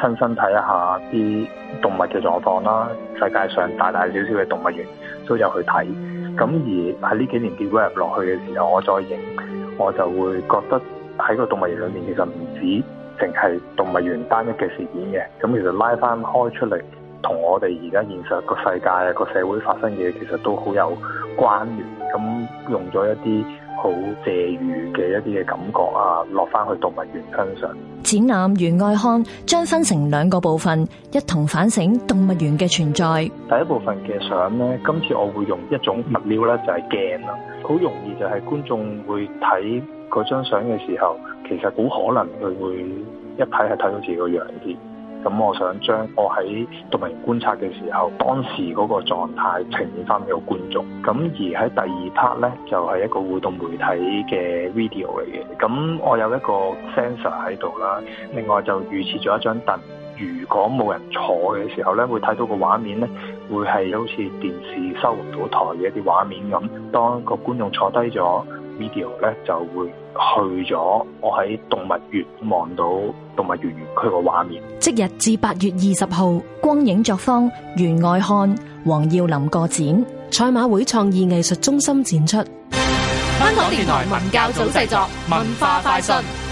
親身睇一下啲動物嘅狀況啦，世界上大大小小嘅動物園都有去睇。咁而喺呢幾年嘅 develop 落去嘅時候，我再認我就會覺得喺個動物園裏面其實唔止淨係動物園單一嘅事件嘅。咁其實拉翻開出嚟，同我哋而家現實個世界啊、這個社會發生嘅嘢其實都好有關聯。咁用咗一啲。好借雨嘅一啲嘅感覺啊，落翻去動物園身上。展覽《園外看》將分成兩個部分，一同反省動物園嘅存在。第一部分嘅相咧，今次我會用一種物料咧，就係鏡啦。好容易就係觀眾會睇嗰張相嘅時候，其實好可能佢會，會一睇係睇到自己個樣啲。咁、嗯、我想將我喺動物園觀察嘅時候，當時嗰個狀態呈現翻俾個觀眾。咁、嗯、而喺第二 part 呢，就係、是、一個互動媒體嘅 video 嚟嘅。咁、嗯、我有一個 sensor 喺度啦，另外就預設咗一張凳。如果冇人坐嘅時候呢，會睇到個畫面呢，會係好似電視收唔到台嘅一啲畫面咁。當個觀眾坐低咗。video 咧就會去咗，我喺動物園望到動物園園區個畫面。即日至八月二十號，光影作坊、袁愛漢、黃耀林個展，賽馬會創意藝術中心展出。香港電台文教組製作文化快訊。